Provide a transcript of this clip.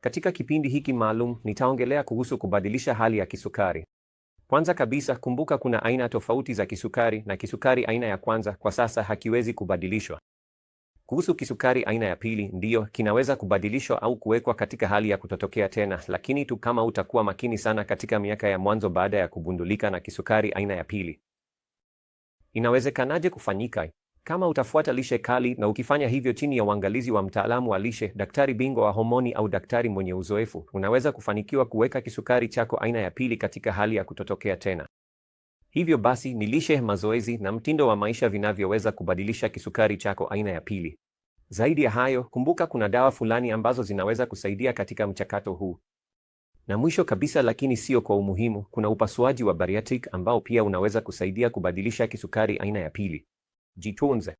Katika kipindi hiki maalum nitaongelea kuhusu kubadilisha hali ya kisukari. Kwanza kabisa, kumbuka kuna aina tofauti za kisukari na kisukari aina ya kwanza kwa sasa hakiwezi kubadilishwa. Kuhusu kisukari aina ya pili, ndiyo kinaweza kubadilishwa au kuwekwa katika hali ya kutotokea tena, lakini tu kama utakuwa makini sana katika miaka ya mwanzo baada ya kugundulika na kisukari aina ya pili. Inawezekanaje kufanyika? Kama utafuata lishe kali na ukifanya hivyo chini ya uangalizi wa mtaalamu wa lishe, daktari bingwa wa homoni au daktari mwenye uzoefu, unaweza kufanikiwa kuweka kisukari chako aina ya pili katika hali ya kutotokea tena. Hivyo basi, ni lishe, mazoezi na mtindo wa maisha vinavyoweza kubadilisha kisukari chako aina ya pili. Zaidi ya hayo, kumbuka kuna dawa fulani ambazo zinaweza kusaidia katika mchakato huu. Na mwisho kabisa, lakini sio kwa umuhimu, kuna upasuaji wa bariatric ambao pia unaweza kusaidia kubadilisha kisukari aina ya pili. 基因组内。